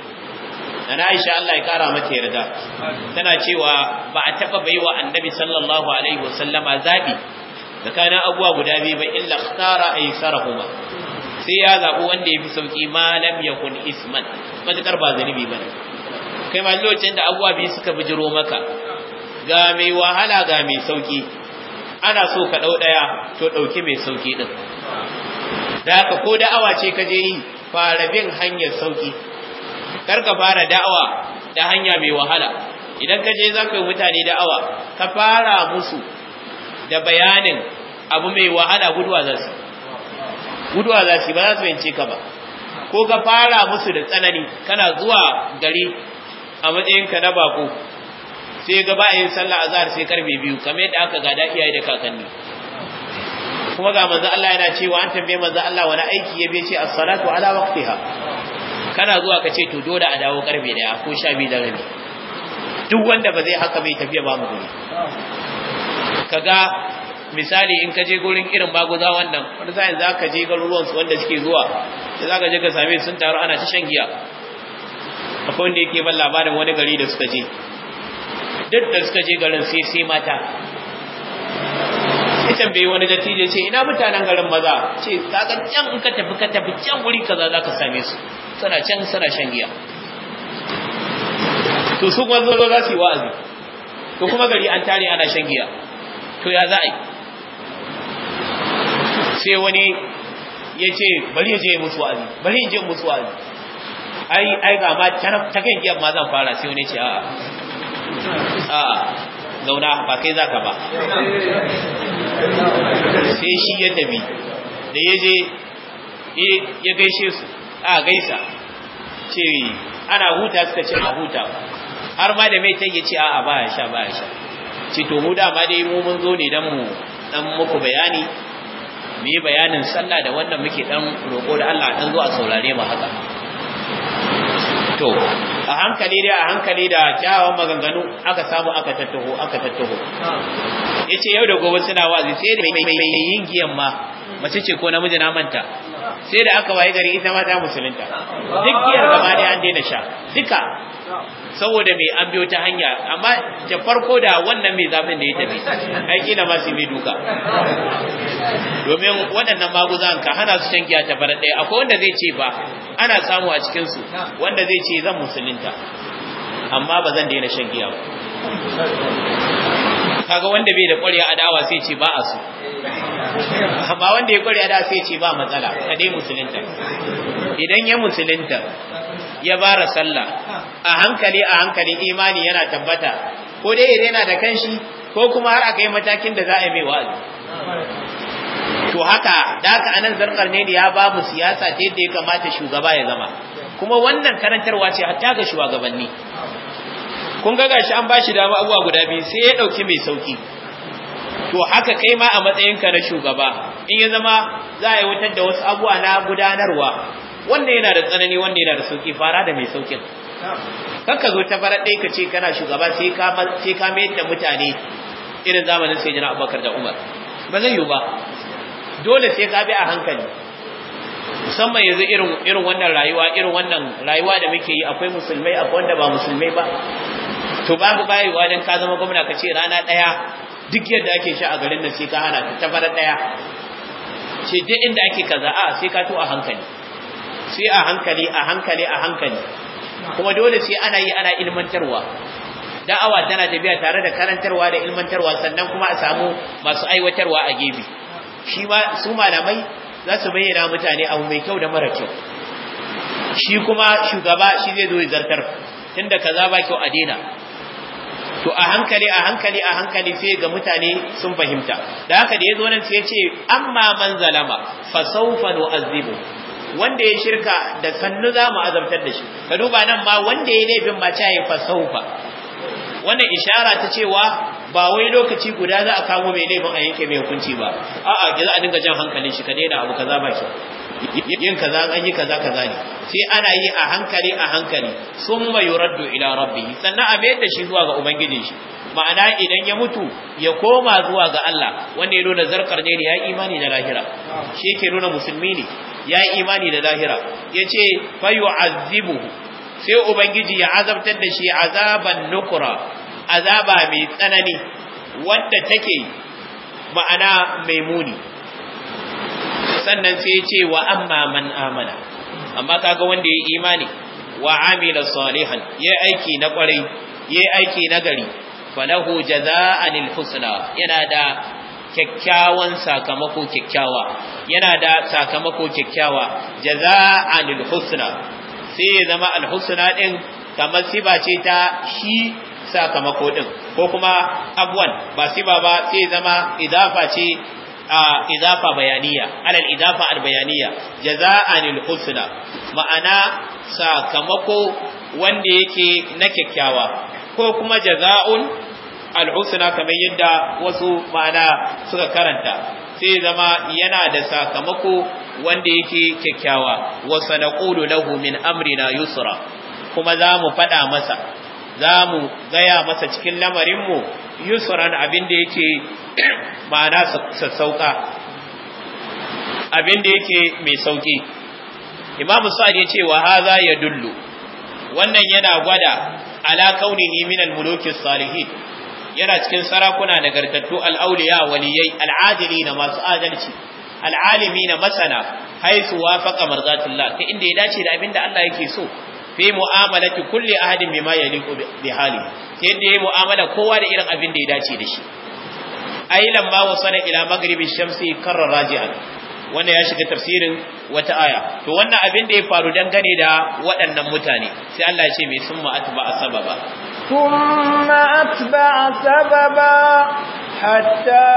na Aisha Allah ya kara mata yarda tana cewa ba a taɓa baiwa annabi sallallahu alaihi wasallama zaɓi tsakanin abuwa guda biyu ba illa ikhtara sarahuma. sai ya zaɓi wanda yafi sauki ma lam yakun isman matakar ba zanibi bane kai ma lokacin da abuwa biyu suka bijiro maka ga mai wahala ga mai sauki ana so ka dau daya to dauki mai sauki din da haka ko da'awa ce ka je yi fara bin hanyar sauki kar ka fara da'awa da hanya mai wahala idan ka je za ka yi mutane da'awa ka fara musu da bayanin abu mai wahala guduwa za su guduwa za su ba za su yance ka ba ko ka fara musu da tsanani kana zuwa gari a matsayinka na bako sai ga yin sallah azhar sai karfe biyu kamar yadda aka gada iyaye da kakanni kuma ga manzo Allah yana cewa an tambaye manzo Allah wani aiki ya ce as-salatu ala waqtiha kana zuwa ka ce to dole a dawo karfe daya ko sha biyu da rabi duk wanda ba zai haka bai tafiya ba mu gobe kaga misali in ka je gurin irin maguza wannan wani sai za ka je garuruwan su wanda suke zuwa sai za ka je ka same sun taru ana ta shan giya akwai wanda yake ban labarin wani gari da suka je duk da suka je garin sai sai mata Sai tambayi wani dattijo ce ina mutanen garin maza ce kaga can in ka tafi ka tafi can wuri kaza za ka same su suna can suna shan giya to su kuma zo za su yi wa'azi to kuma gari an tare ana shan giya to ya za a yi sai wani ya ce bari ya je musu wa'azi bari ya je musu wa'azi ai ai ga ma ta kan giyan ma zan fara sai wani ce a'a a'a zauna ba kai za ka ba sai shi ya tafi da ya je ya gaishe su a gaisa ce ana huta suka ce a huta har ma da mai ta yi ce a'a ba ya sha ba ya sha ce to mu dama dai mu mun zo ne dan mu dan muku bayani mu bayanin sallah da wannan muke dan roƙo da Allah dan zo a saurare mu haka to a hankali dai a hankali da kyawawan maganganu aka samu aka tattaho aka tattaho yace yau da gobe suna wazi sai da mai yin giyan ma mace ce ko namiji na manta sai da aka waye gari ita ma ta musulunta duk giyar gaba dai an daina sha duka saboda mai an biyo ta hanya amma da farko da wannan mai zafin da ya tafi aiki na masu mai duka domin waɗannan maguzan ka hana su shan giya ta bar ɗaya akwai wanda zai ce ba ana samu a cikinsu wanda zai ce zan musulunta amma ba zan daina shan giya ba kaga wanda bai da ƙwarya adawa sai ce ba a su amma wanda ya ƙwarya da sai ce ba matsala ka dai musulunta idan ya musulunta ya bara sallah a hankali a hankali imani yana tabbata ko dai yana da kanshi ko kuma har aka yi matakin da za a yi mai wa'azi to haka da anan zarkar ne ya babu siyasa ta yadda ya kamata shugaba ya zama kuma wannan karantarwa ce hatta ga shugabanni kun ga gashi an bashi dama abuwa guda biyu sai ya dauki mai sauki to haka kai ma a matsayinka na shugaba in ya zama za a yi wutar da wasu abuwa na gudanarwa wanda yana da tsanani wanda yana da sauki fara da mai saukin kanka zo ta farar ɗaya ka ce kana shugaba sai ka mayar da mutane irin zamanin sai jina abubakar da umar ba zai yiwu ba dole sai ka bi a hankali musamman yanzu irin irin wannan rayuwa irin wannan rayuwa da muke yi akwai musulmai akwai wanda ba musulmai ba to babu bayuwa dan ka zama gwamna ka ce rana ɗaya duk yadda ake sha a garin nan sai ka hana ta farar ɗaya ce duk inda ake kaza a sai ka to a hankali sai a hankali a hankali a hankali kuma dole sai ana yi ana ilmantarwa da'awa tana tafiya tare da karantarwa da ilmantarwa sannan kuma a samu masu aiwatarwa a gefe shi ma su malamai za su bayyana mutane abu mai kyau da mara kyau shi kuma shugaba shi zai zo ya zartar tunda kaza ba kyau a daina to a hankali a hankali a hankali sai ga mutane sun fahimta da haka da ya zo nan sai ya ce amma man zalama fa sawfa nu'azzibu wanda ya shirka da sannu za mu azabtar da shi ka duba nan ma wanda ya laifin ma ta yi fasaufa wannan ishara ta cewa ba wai lokaci guda za a kamo mai laifin a yanke mai hukunci ba a'a ki za a dinga jan hankalin shi ka daina abu kaza ba shi yin kaza an yi kaza kaza ne sai ana yi a hankali a hankali sun ma yuraddu ila rabbi sannan a mayar da shi zuwa ga ubangijin shi ma'ana idan ya mutu ya koma zuwa ga Allah wanda ya nuna zarkar ne ya imani da lahira shi ke nuna musulmi ne ya yi imani da zahira, ya ce fayu azibu sai ubangiji ya azabtar da shi azaban nukura azaba mai tsanani wadda take ma'ana mai muni sannan sai ya ce wa amma man amana amma kaga wanda ya yi imani wa amila salihan ya aiki na kwarai ya aiki na gari falahu al husna yana da kyakkyawan sakamako kyakkyawa yana da sakamako kyakkyawa jaza'anil husna sai ya zama alhusna din kamar siba ce ta shi sakamako din ko kuma abwan ba siba ba sai zama idafa ce a idafa bayaniya alal idafa al bayaniya jaza'anil husna ma'ana sakamako wanda yake na kyakkyawa ko kuma jaza'un al'usna kamar yadda wasu ma'ana suka karanta sai zama yana da sakamako wanda yake kyakkyawa wa sanaqulu lahu min amrina yusra kuma za mu faɗa masa za mu gaya masa cikin lamarinmu yusran abin da yake ma'ana sassauka abin da yake mai sauki imam sa'ad ya ce wa haza ya dullu wannan yana gwada ala kaunihi min muluki salihin yana cikin sarakuna da nagartattu al'auliya waliyai al'adili na masu adalci al'alimi na masana haisu faƙa marzatullah ta inda ya dace da abinda Allah yake so fi mu'amalati kulli ahadin bima yaliqu bi hali ta yadda ya mu'amala kowa da irin abin da ya dace da shi ailan ma wasana ila maghribi shamsi karra raji'an wannan ya shiga tafsirin wata aya to wannan abin da ya faru dangane da waɗannan mutane sai Allah ya ce mai summa atba asbaba ثم أتبع سببا حتى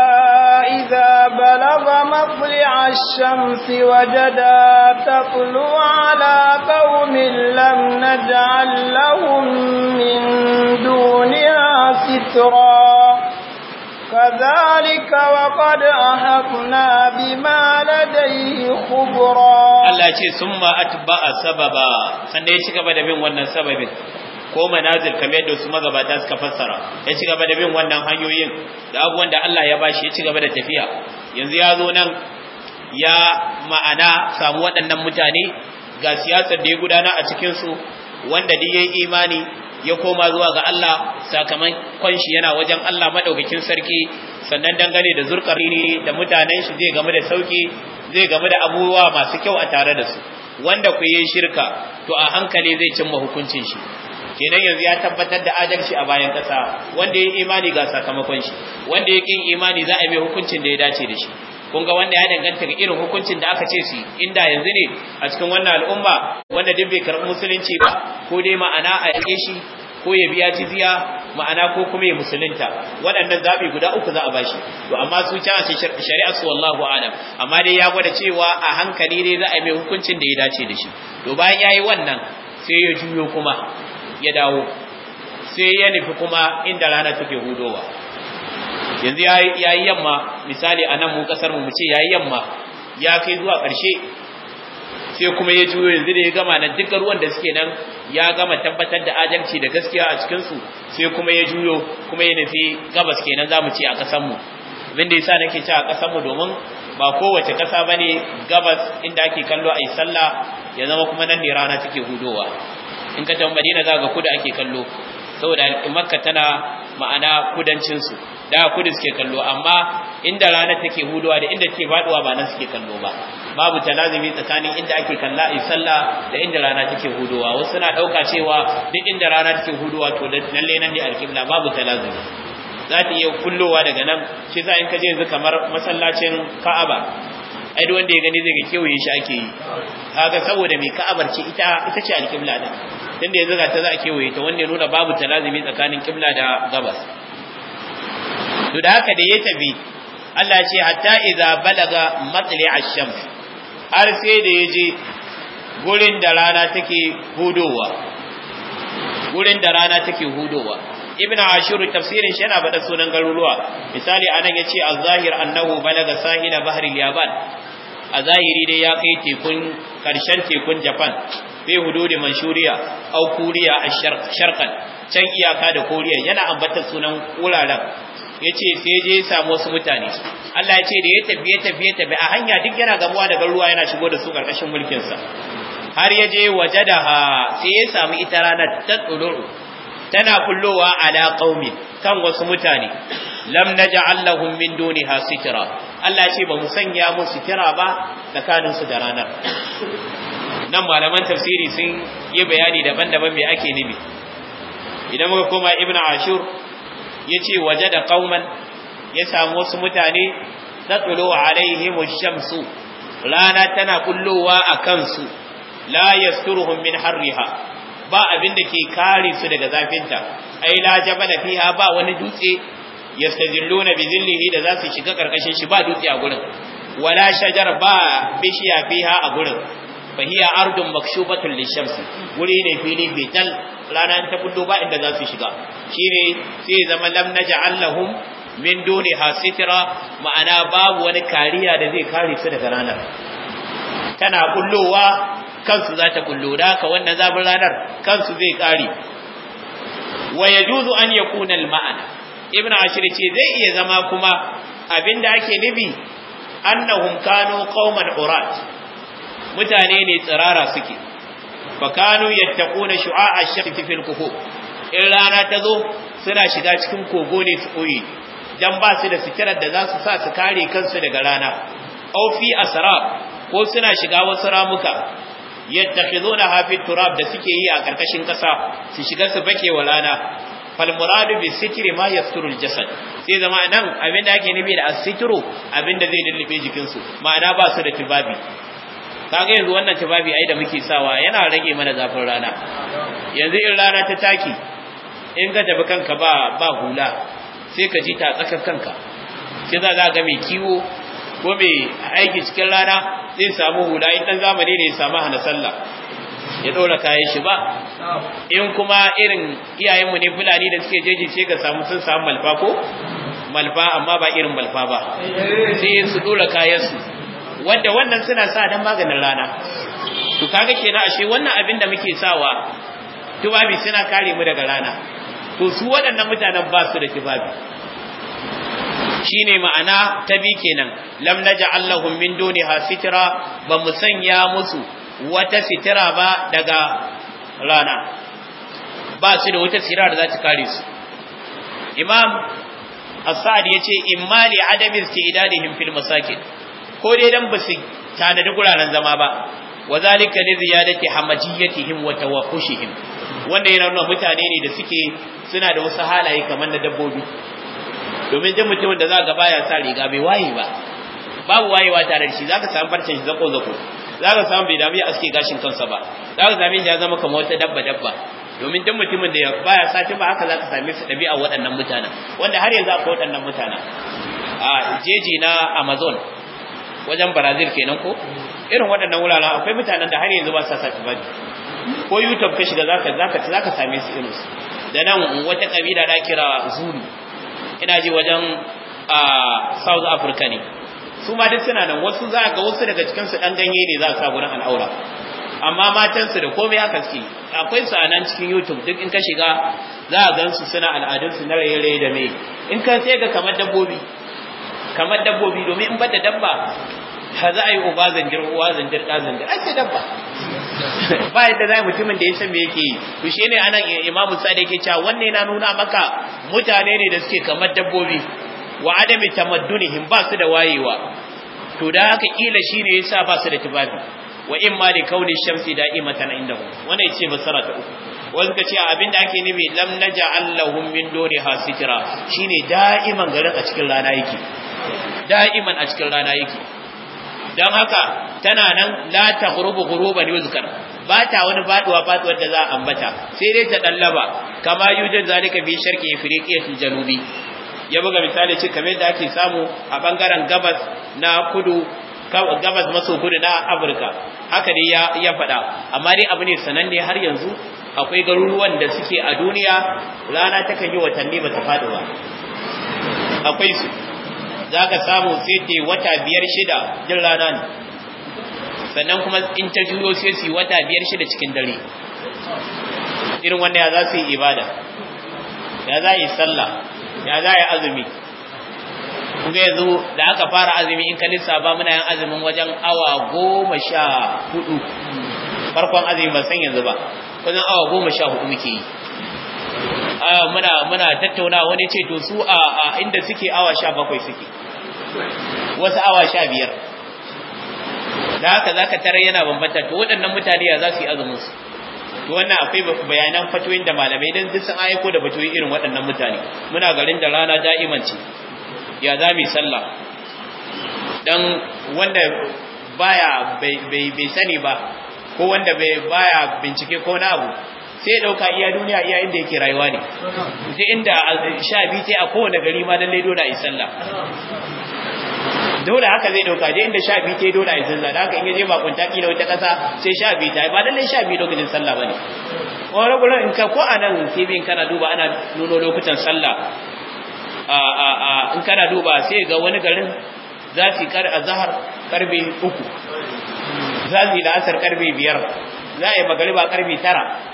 إذا بلغ مطلع الشمس وجدا تطلع على قوم لم نجعل لهم من دونها سترا كذلك وقد أحقنا بما لديه خبرا الله يقول ثم أتبع سببا سنة يشكب دبين وانا سببين ko manazil kamar yadda su magabata suka fassara ya ci gaba da bin wannan hanyoyin da abubuwan da Allah ya bashi ya ci gaba da tafiya yanzu ya zo nan ya ma'ana samu waɗannan mutane ga siyasar da ya gudana a cikin su wanda da yayi imani ya koma zuwa ga Allah sakamakon shi yana wajen Allah madaukakin sarki sannan dangane da zurkarini da mutanen shi zai game da sauki zai game da abubuwa masu kyau a tare da su wanda ku yi shirka to a hankali zai cimma hukuncin shi kenan yanzu ya tabbatar da adalci a bayan ƙasa wanda ya imani ga sakamakon shi wanda ya kin imani za a yi hukuncin da ya dace da shi kun ga wanda ya danganta ga irin hukuncin da aka ce su inda yanzu ne a cikin wannan al'umma wanda duk bai karɓi musulunci ba ko dai ma'ana a yake shi ko ya biya jizya ma'ana ko kuma ya musulunta waɗannan zaɓi guda uku za a bashi to amma su can a shari'ar su wallahu alam amma dai ya gwada cewa a hankali dai za a yi hukuncin da ya dace da shi to bayan ya yi wannan sai ya juyo kuma ya dawo sai ya nufi kuma inda rana take hudowa yanzu ya yi yamma misali a nan mu kasar mu ce ya yi yamma ya kai zuwa ƙarshe sai kuma ya juyo yanzu da ya gama nan dukkan ruwan da suke nan ya gama tabbatar da adalci da gaskiya a cikinsu sai kuma ya juyo kuma ya nufi gabas kenan za mu ce a ƙasar mu abin da yasa nake cewa ƙasar mu domin ba kowace ƙasa ne gabas inda ake kallo a yi sallah ya zama kuma nan ne rana take hudowa in ka tafi madina za ga kudu ake kallo saboda makka tana ma'ana kudancinsu, da kudu suke kallo amma inda rana take huduwa da inda take faduwa ba nan suke kallo ba babu talazumi tsakanin inda ake kalla a sallah da inda rana take huduwa wasu suna dauka cewa duk inda rana take huduwa to lalle nan ne alkibla babu talazumi za ta iya kullowa daga nan shi za in ka je yanzu kamar masallacin ka'aba ai duk wanda ya gani zai ga kewaye shi ake yi kaga saboda me ka'abar ce ita ita ce alƙibla din tunda ya zaga ta za a kewaye ta wanda ya nuna babu talazumi tsakanin ƙibla da gabas to da haka da ya tafi Allah ce hatta idza balaga matli ash-shams har sai da ya je gurin da rana take hudowa gurin da rana take hudowa ibn ashur tafsirin shi yana bada sunan garuruwa misali anan yace az-zahir annahu balaga sahila bahri al-yaban a zahiri dai ya kai tekun karshen tekun japan bai hududi manshuriya au kuriya a sharkan can iyaka da koriya yana ambatar sunan wuraren ya ce sai je ya samu wasu mutane Allah ya ce da ya tafi ya tafi ya tafi a hanya duk yana gamuwa da garuruwa yana shigo da su karkashin mulkinsa har ya je waje da ha sai ya samu ita ranar ta tsoro tana kullowa ala qaumi kan wasu mutane lam naj'al lahum min duniha sitira Allah ce ba mu sanya mu sitira ba tsakanin su da ranar nan malaman tafsiri sun yi bayani daban-daban me ake nibi idan muka koma ibnu ashur yace wajada qauman ya samu wasu mutane tatlu alaihim ash-shamsu rana tana kullowa a su la yasturuhum min harriha ba abin da ke kare su daga zafinta ai la jabala fiha ba wani dutse yastajilluna bi zillihi da zasu shiga karkashin shi ba dutse a gurin wala shajar ba bishiya fiha a gurin fa hiya ardun makshubatun lishams guri ne fili betal rana ta fito ba inda zasu shiga shine sai zama lam naj'al lahum min duni hasitra ma'ana babu wani kariya da zai kare su daga ranar tana kullowa kansu za ta kullo da wannan zafin ranar kansu zai kare wa ya juzu an ya kuna maana Ibn ashir ce zai iya zama kuma abin da ake nufi annahum kanu qauman urat mutane ne tsirara suke fa kanu yattaquna shu'a ash-shaffi in rana ta zo suna shiga cikin kogo ne su koyi dan ba su da sikirar da za su sa su kare kansu daga rana au fi asrar ko suna shiga wasu ramuka yattakhidunaha fi turab da suke yi a karkashin kasa su shiga su bake wa rana fal muradu bi sitri ma yasturu al jasad sai zama nan abin da ake nufi da as abin da zai lullube jikin su ma'ana ba su da tibabi kaga yanzu wannan tibabi ai da muke sawa yana rage mana zafin rana yanzu in rana ta taki in ka tafi kanka ba ba hula sai ka ji ta tsakar kanka sai za ga mai kiwo ko mai aiki cikin rana zai samu huda in dan zamani ne ya samu hana sallah ya dora kayan shi ba in kuma irin iyayenmu ne fulani da suke jeji ce ga samu sun samu malfa ko malfa amma ba irin malfa ba sai su dora kayan su wannan suna sa dan maganin rana to kaga kenan ashe wannan abin da muke sawa tubabi suna kare mu daga rana to su waɗannan mutanen ba su da tubabi shine ma'ana ta bi kenan lam naj'al lahum min duniha sitra ba mu sanya musu wata sitira ba daga rana ba su da wata sitira da za ta kare su imam ya ce, yace imma li adami istidadihim fil masakin ko dai dan ba su tanadi guraren zama ba wa zalika li ziyadati hamajiyatihim wa tawahushihim wanda yana nuna mutane ne da suke suna da wasu halaye kamar na dabbobi domin duk mutumin da za ga baya sa riga bai waye ba babu wayewa tare da shi ka samu farcen shi zako zako ka samu bai dami aske gashin kansa ba za ka same shi ya zama kamar wata dabba dabba domin duk mutumin da baya sati ba haka za ka same su dabi'a waɗannan mutanen wanda har yanzu akwai waɗannan mutanen a jeji na Amazon wajen Brazil kenan ko irin waɗannan wuraren akwai mutanen da har yanzu ba sa sati ba ko YouTube ka shiga za ka sami same su irin su da nan wata kabila da kira Zulu ina ji wajen a South Africa ne su ma duk suna nan wasu za ga wasu daga cikin su dan ganye ne za su sa gurin al'aura amma matan su da komai haka suke akwai su a nan cikin YouTube duk in ka shiga za a gan su suna al'adun su na raye-raye da me in ka sai ga kamar dabbobi kamar dabbobi domin in bada dabba ha za a yi uba zanjir uwa zanjir ɗa zanjir ai sai dabba ba yadda zai mutumin da ya san me yake yi to shi ne anan imamu da yake cewa wannan yana nuna maka mutane ne da suke kamar dabbobi wa adami tamaddunihim ba su da wayewa to da haka kila ne yasa ba su da tibabi wa in ma li kauni shamsi da'imatan indahu wannan yace basara ta uku wanda kace abin da ake nufi lam naj'al lahum min duniha sitra shine da'iman garin a cikin rana yake da'iman a cikin rana yake don haka tana nan la ta hurubu ne yuzkar ba ta wani faduwa faduwar da za a ambata sai dai ta dallaba kama yujin zalika fi sharqi su janubi ya buga misali ce kamar da ake samu a bangaren gabas na kudu gabas maso kudu na Afirka haka ne ya ya faɗa amma dai abu ne sananne har yanzu akwai garuruwan da suke a duniya rana takan yi watanni ba ta faɗi ba akwai su za ka samu sai ta wata biyar shida jin rana ne sannan kuma in ta juyo sai su wata biyar shida cikin dare irin wanda ya za su yi ibada ya za yi sallah ya za yi azumi Kuma yanzu da aka fara azumi in ka ba muna yin azumin wajen awa goma sha hudu farkon azumi ba san yanzu ba wajen awa goma sha hudu muke yi muna muna tattauna wani ce to su a inda suke awa 17 suke wasu awa 15 da haka zaka tare yana bambanta to waɗannan mutane ya za su yi azumin su to wannan akwai bayanan fatoyin da malamai dan duk sun aiko da fatoyi irin waɗannan mutane muna garin da rana da'iman ce ya za mu sallah dan wanda baya bai bai sani ba ko wanda bai baya bincike ko na abu sai dauka iya duniya iya inda yake rayuwa ne Sai inda sha biyu sai a kowane gari ma lalle dole a yi sallah dole haka zai dauka je inda sha biyu sai dole a yi sallah da haka in yaje bakunta kila wata kasa sai sha biyu yi. ba lalle sha biyu lokacin sallah bane wani gurin in ka ko anan bin kana duba ana nuno lokutan sallah a a a in kana duba sai ga wani garin za su kar azhar karfe uku, za su yi la'asar karfe biyar, za a yi magariba karfe tara.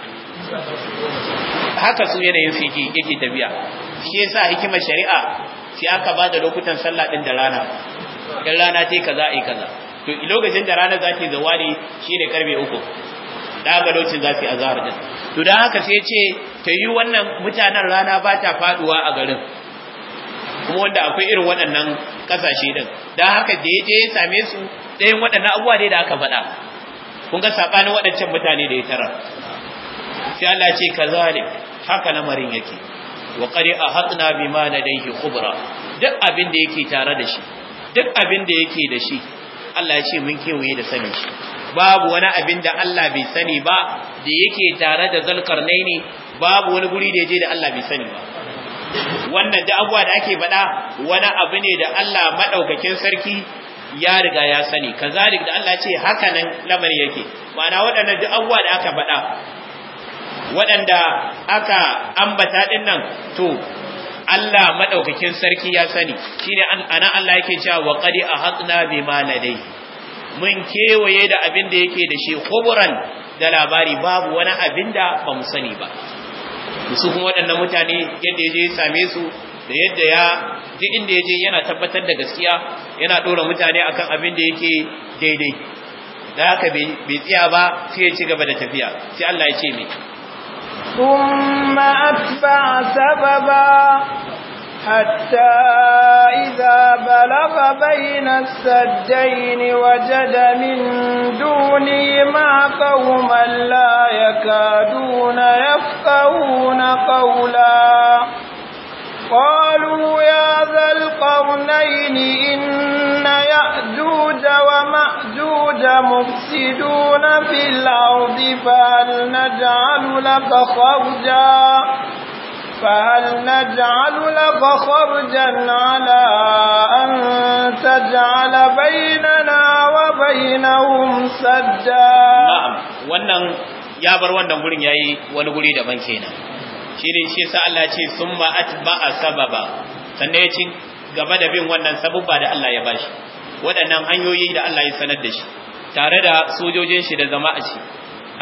haka su yanayin fiki yake tafiya shi ya sa hikimar shari'a shi aka ba da lokutan sallah ɗin da rana in rana ta yi kaza a yi kaza to lokacin da rana za ta yi zawari shi ne karfe uku da ga lokacin za su yi azahar ɗin. to don haka sai ce ta yi wannan mutanen rana ba ta faduwa a garin kuma wanda akwai irin waɗannan ƙasashe ɗin. don haka da ya je ya same su ɗayan waɗannan abubuwa ne da aka faɗa kun ga saɓanin waɗancan mutane da ya tara sai Allah ce kazalik haka lamarin yake wa qad ahatna bima ladayhi khubra duk abin da yake tare da shi duk abin da yake da shi Allah ya ce mun kewaye da sani shi babu wani abin da Allah bai sani ba da yake tare da zalkarnaini babu wani guri da yaje da Allah bai sani ba wannan da abuwa da ake faɗa wani abu ne da Allah madaukakin sarki ya riga ya sani kazalik da Allah ce haka nan lamar yake ma'ana waɗannan duk abuwa da aka faɗa waɗanda aka ambata ɗin nan to Allah madaukakin sarki ya sani shine an Allah yake cewa wa a ahatna bima ladai mun kewaye da abin da yake da shi kuburan da labari babu wani abin da ba mu sani ba su kuma waɗannan mutane yadda ya je ya same su da yadda ya duk inda ya je yana tabbatar da gaskiya yana ɗora mutane akan abin da yake daidai da haka bai tsaya ba sai ya ci gaba da tafiya sai Allah ya ce mai ثم أتبع سببا حتى إذا بلغ بين السجين وجد من دونهما قوما لا يكادون يفقهون قولا قالوا يا ذا القرنين إن يأجوج ومأجوج مفسدون في الأرض فهل نجعل لك خرجا فهل نجعل لك خرجا على أن تجعل بيننا وبينهم سدا نعم wannan ya bar wannan gurin yayi wani guri daban kenan shi ne shi sa Allah ce sun a ba a saba sababa sannan ya ci gaba da bin wannan sabubba da Allah ya bashi waɗannan hanyoyi da Allah ya sanar da shi tare da sojojin shi da zama a shi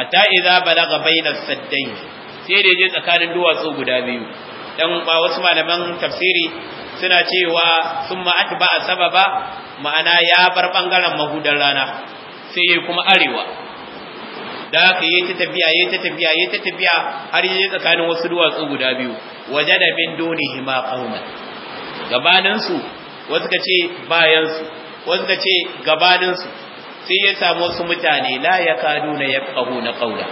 hatta idza balagha bayna saddai. sai da je tsakanin duwatsu guda biyu dan ba wasu malaman tafsiri suna cewa sun ma a saba sababa ma'ana ya bar bangaren mahudan rana sai kuma arewa da aka yi ta tafiya yi ta tafiya yi ta tafiya har yi tsakanin wasu duwatsu guda biyu waje da min doni hima gabanin Gabaninsu wasu ka ce bayansu wasu ka ce gabaninsu sai ya samu wasu mutane la yakaduna na qawla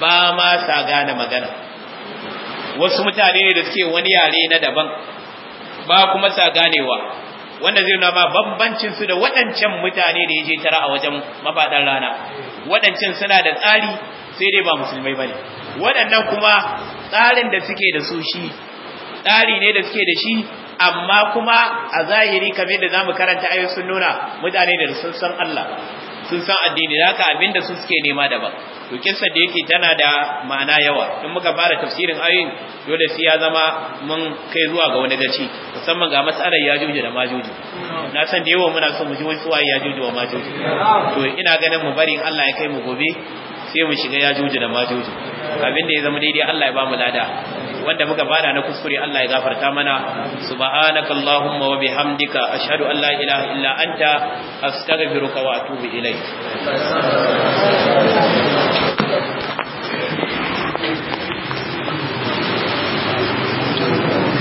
ba ma sa gane magana wasu mutane ne da suke wani yare na daban ba kuma sa ganewa wanda zai nuna ba bambancin su da waɗancan mutane da ya je tara a wajen mafadan rana waɗancan suna da tsari sai dai ba musulmai ba ne, waɗannan kuma tsarin da suke da su shi tsari ne da suke da shi amma kuma a zahiri kamar da zamu karanta ayoyin sun nuna mutane da sun san Allah sun san addini da haka abinda su suke nema daban to kissa da yake tana da ma'ana yawa in muka fara tafsirin ayoyin dole sai ya zama mun kai zuwa ga wani gaci musamman ga matsalar yajuji da majuji na san da yawa muna son mu ji wani waye yajuji da majuji to ina ganin mu bari Allah ya kai mu gobe sai mu shiga yajuji da Abin abinda ya zama daidai Allah ya ba mu lada wanda muka bada na kuskure Allah ya gafarta mana subhanakallahumma wa bihamdika ashhadu an la ilaha illa anta astaghfiruka wa atubu ilaik